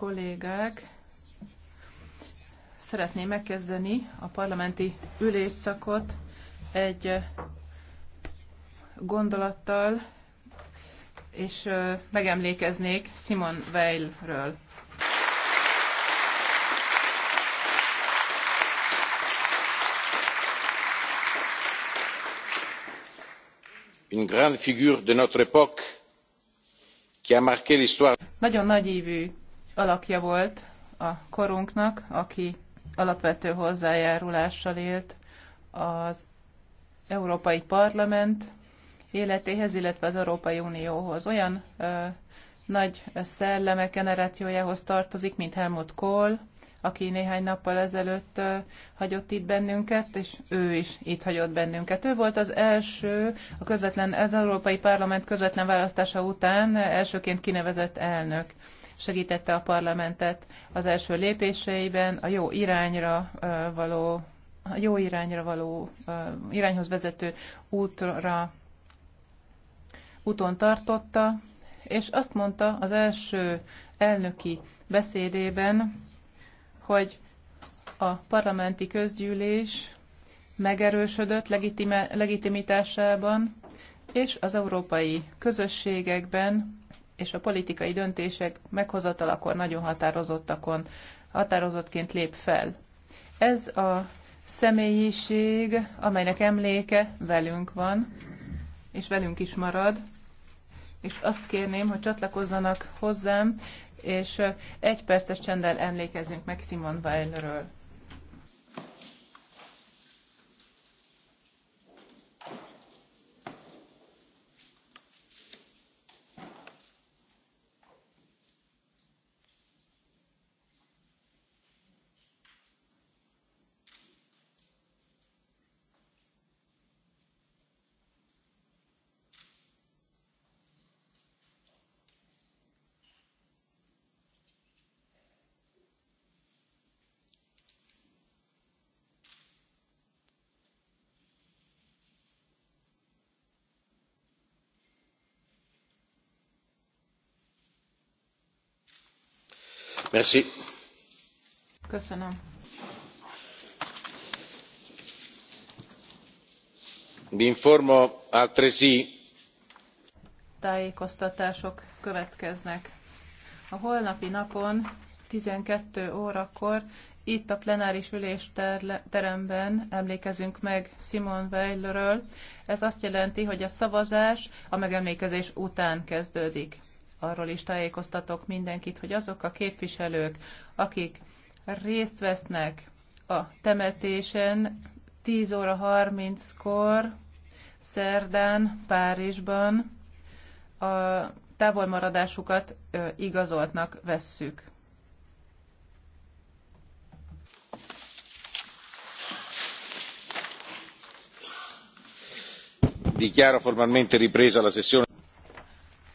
kollégák! Szeretném megkezdeni a parlamenti ülésszakot egy gondolattal, és megemlékeznék Simon Weilről. Une grande figure de notre époque qui a marqué l'histoire. Nagyon nagy évű alakja volt a korunknak, aki alapvető hozzájárulással élt az Európai Parlament életéhez, illetve az Európai Unióhoz. Olyan ö, nagy szelleme generációjához tartozik, mint Helmut Kohl, aki néhány nappal ezelőtt ö, hagyott itt bennünket, és ő is itt hagyott bennünket. Ő volt az első, a közvetlen, az Európai Parlament közvetlen választása után elsőként kinevezett elnök segítette a parlamentet az első lépéseiben, a jó irányra való, a jó irányra való, irányhoz vezető útra, úton tartotta, és azt mondta az első elnöki beszédében, hogy a parlamenti közgyűlés megerősödött legitime, legitimitásában és az európai közösségekben és a politikai döntések meghozatalakor nagyon határozottakon, határozottként lép fel. Ez a személyiség, amelynek emléke velünk van, és velünk is marad, és azt kérném, hogy csatlakozzanak hozzám, és egy perces csenddel emlékezzünk meg Simon Weilről. Köszönöm. vi informo altresì tájékoztatások következnek. A holnapi napon 12 órakor itt a plenáris ülésteremben emlékezünk meg Simon Weilről. Ez azt jelenti, hogy a szavazás a megemlékezés után kezdődik arról is tájékoztatok mindenkit, hogy azok a képviselők, akik részt vesznek a temetésen 10 óra 30-kor szerdán Párizsban a távolmaradásukat igazoltnak vesszük. Dichiaro formalmente ripresa la sessione.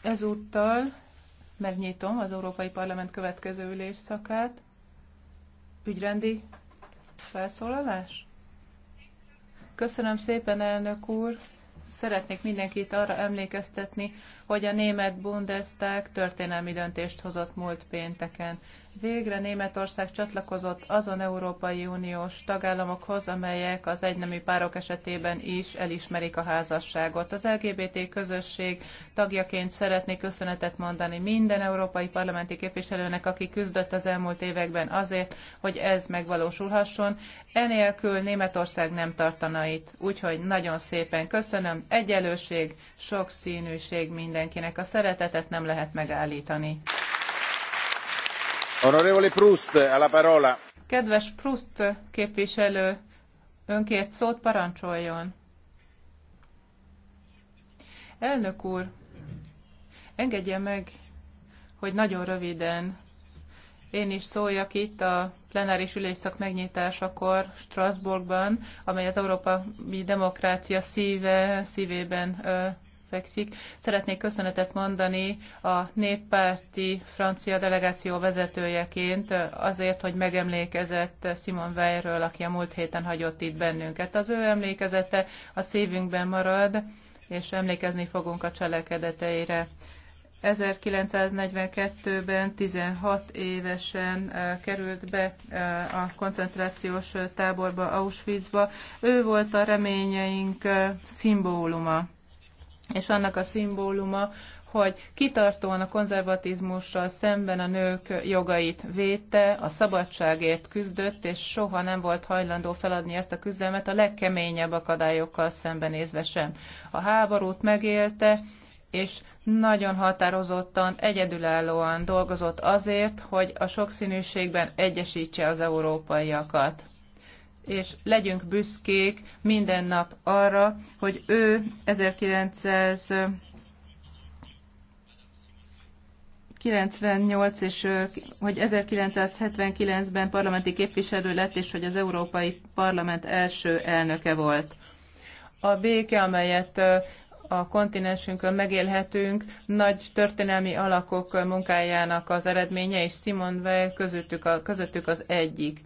Ezúttal megnyitom az Európai Parlament következő ülésszakát. Ügyrendi felszólalás? Köszönöm szépen, elnök úr! Szeretnék mindenkit arra emlékeztetni, hogy a német Bundestag történelmi döntést hozott múlt pénteken. Végre Németország csatlakozott azon Európai Uniós tagállamokhoz, amelyek az egynemű párok esetében is elismerik a házasságot. Az LGBT közösség tagjaként szeretnék köszönetet mondani minden európai parlamenti képviselőnek, aki küzdött az elmúlt években azért, hogy ez megvalósulhasson. Enélkül Németország nem tartana itt. Úgyhogy nagyon szépen köszönöm. Egyelőség, színűség mindenkinek. A szeretetet nem lehet megállítani. Kedves Proust képviselő, önkért szót parancsoljon. Elnök úr, engedje meg, hogy nagyon röviden én is szóljak itt a plenáris ülésszak megnyitásakor Strasbourgban, amely az európai demokrácia szíve, szívében fekszik. Szeretnék köszönetet mondani a néppárti francia delegáció vezetőjeként azért, hogy megemlékezett Simon Weilről, aki a múlt héten hagyott itt bennünket. Az ő emlékezete a szívünkben marad, és emlékezni fogunk a cselekedeteire. 1942-ben 16 évesen eh, került be eh, a koncentrációs táborba, Auschwitzba. Ő volt a reményeink eh, szimbóluma és annak a szimbóluma, hogy kitartóan a konzervatizmussal szemben a nők jogait védte, a szabadságért küzdött, és soha nem volt hajlandó feladni ezt a küzdelmet a legkeményebb akadályokkal szembenézve sem. A háborút megélte, és nagyon határozottan, egyedülállóan dolgozott azért, hogy a sokszínűségben egyesítse az európaiakat és legyünk büszkék minden nap arra, hogy ő 1900 98 és hogy 1979-ben parlamenti képviselő lett, és hogy az Európai Parlament első elnöke volt. A béke, amelyet a kontinensünkön megélhetünk, nagy történelmi alakok munkájának az eredménye, és Simon Weil közöttük, a, közöttük az egyik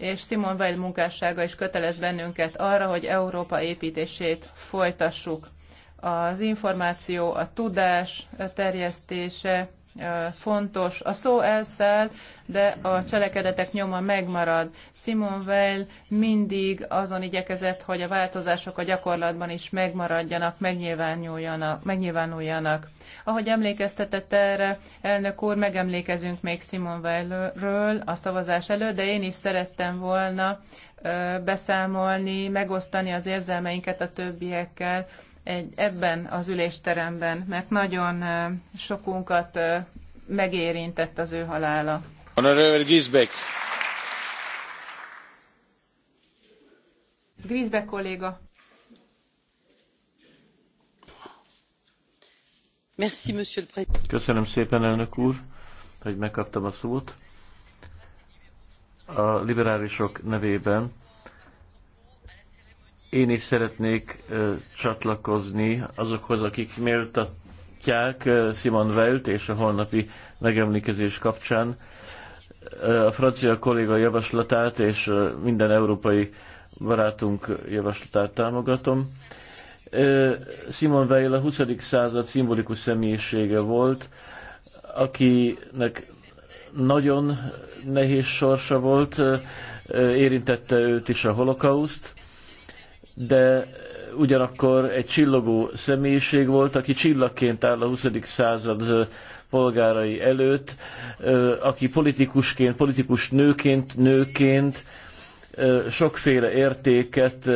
és Simon Weil munkássága is kötelez bennünket arra, hogy Európa építését folytassuk. Az információ, a tudás terjesztése, fontos. A szó elszáll, de a cselekedetek nyoma megmarad. Simon Weil mindig azon igyekezett, hogy a változások a gyakorlatban is megmaradjanak, megnyilvánuljanak. megnyilvánuljanak. Ahogy emlékeztetett erre, elnök úr, megemlékezünk még Simon Weilről a szavazás előtt, de én is szerettem volna beszámolni, megosztani az érzelmeinket a többiekkel egy, ebben az ülésteremben, mert nagyon sokunkat megérintett az ő halála. Honorable Gisbeck. Grisbeck kolléga. Merci, monsieur le président. Köszönöm szépen, elnök úr, hogy megkaptam a szót. A liberálisok nevében én is szeretnék csatlakozni azokhoz, akik méltatják Simon Veilt és a holnapi megemlékezés kapcsán a francia kolléga javaslatát és minden európai barátunk javaslatát támogatom. Simon Weil a 20. század szimbolikus személyisége volt, akinek nagyon nehéz sorsa volt, érintette őt is a holokauszt, de ugyanakkor egy csillogó személyiség volt, aki csillagként áll a 20. század polgárai előtt, aki politikusként, politikus nőként, nőként sokféle értéket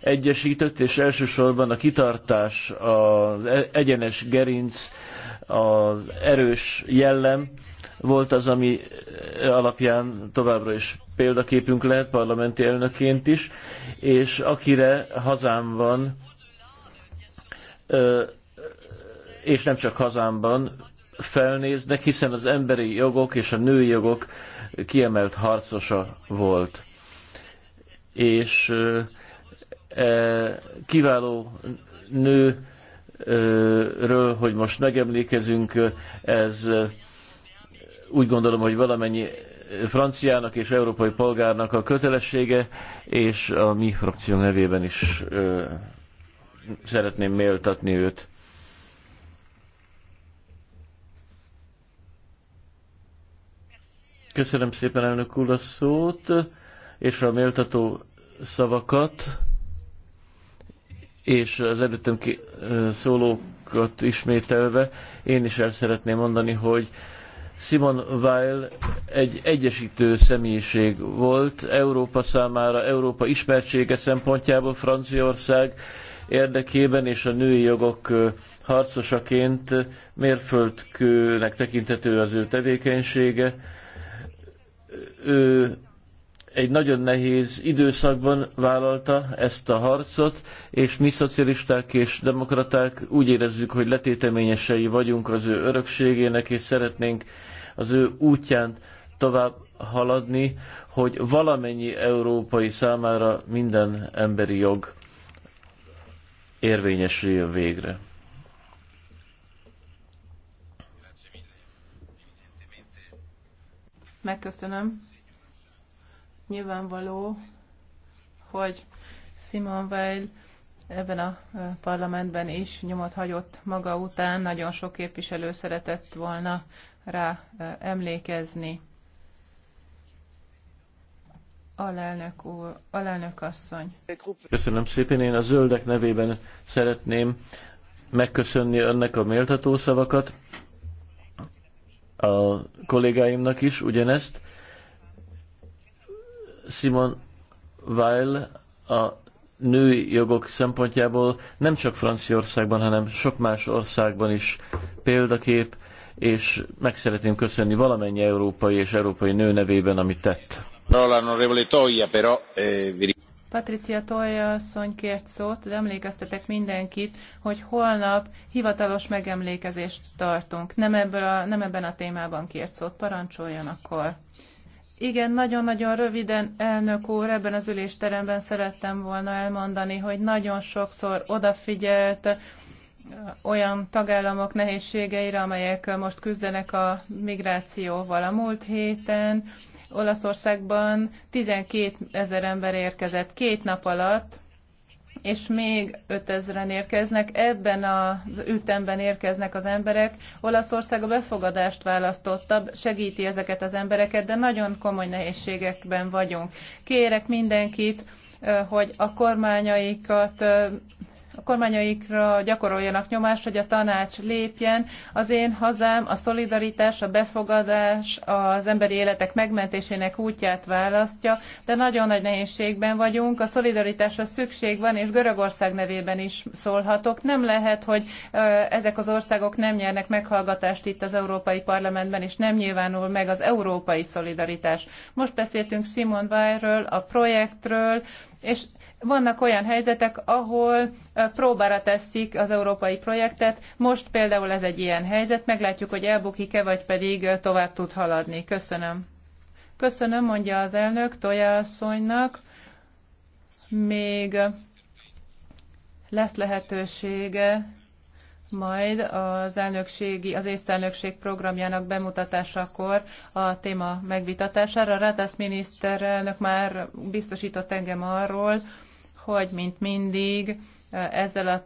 egyesített, és elsősorban a kitartás, az e-, egyenes gerinc, az erős jellem volt az, ami eh, alapján továbbra is példaképünk lehet parlamenti elnöként is, és akire hazámban, eh, és nem csak hazámban felnéznek, hiszen az emberi jogok és a női jogok kiemelt harcosa volt. És eh, kiváló nő ről, hogy most megemlékezünk, ez úgy gondolom, hogy valamennyi franciának és európai polgárnak a kötelessége, és a mi frakció nevében is ö, szeretném méltatni őt. Köszönöm szépen elnök úr a szót, és a méltató szavakat és az előttem szólókat ismételve, én is el szeretném mondani, hogy Simon Weil egy egyesítő személyiség volt Európa számára, Európa ismertsége szempontjából Franciaország érdekében és a női jogok harcosaként mérföldkőnek tekintető az ő tevékenysége. Ő egy nagyon nehéz időszakban vállalta ezt a harcot, és mi szocialisták és demokraták úgy érezzük, hogy letéteményesei vagyunk az ő örökségének, és szeretnénk az ő útján tovább haladni, hogy valamennyi európai számára minden emberi jog érvényesüljön végre. Megköszönöm. Nyilvánvaló, hogy Simon Weil ebben a eh, parlamentben is nyomot hagyott maga után, nagyon sok képviselő szeretett volna rá eh, emlékezni. Alelnök úr, alelnök asszony. Köszönöm szépen, én a zöldek nevében szeretném megköszönni önnek a méltató szavakat, a kollégáimnak is ugyanezt, Simon Weil a női jogok szempontjából nem csak Franciaországban, hanem sok más országban is példakép, és meg szeretném köszönni valamennyi európai és európai nő nevében, amit tett. Eh, Patricia Tolja asszony kért szót, de emlékeztetek mindenkit, hogy holnap hivatalos megemlékezést tartunk. Nem, ebből a, nem ebben a témában kért szót, parancsoljon akkor. Igen, nagyon-nagyon röviden, elnök úr, ebben az ülésteremben szerettem volna elmondani, hogy nagyon sokszor odafigyelt olyan tagállamok nehézségeire, amelyek most küzdenek a migrációval. A múlt héten Olaszországban 12 ezer ember érkezett két nap alatt, és még 5000-en érkeznek, ebben az ütemben érkeznek az emberek. Olaszország a befogadást választotta, segíti ezeket az embereket, de nagyon komoly nehézségekben vagyunk. Kérek mindenkit, hogy a kormányaikat a kormányaikra gyakoroljanak nyomást, hogy a tanács lépjen. Az én hazám a szolidaritás, a befogadás, az emberi életek megmentésének útját választja, de nagyon nagy nehézségben vagyunk. A szolidaritásra szükség van, és Görögország nevében is szólhatok. Nem lehet, hogy ezek az országok nem nyernek meghallgatást itt az Európai Parlamentben, és nem nyilvánul meg az európai szolidaritás. Most beszéltünk Simon weil a projektről, és vannak olyan helyzetek, ahol próbára teszik az európai projektet. Most például ez egy ilyen helyzet, meglátjuk, hogy elbukik-e, vagy pedig tovább tud haladni. Köszönöm. Köszönöm, mondja az elnök Tojászonynak. Még lesz lehetősége majd az elnökségi, az észtelnökség programjának bemutatásakor a téma megvitatására. Rátász miniszterelnök már biztosított engem arról, hogy mint mindig ezzel a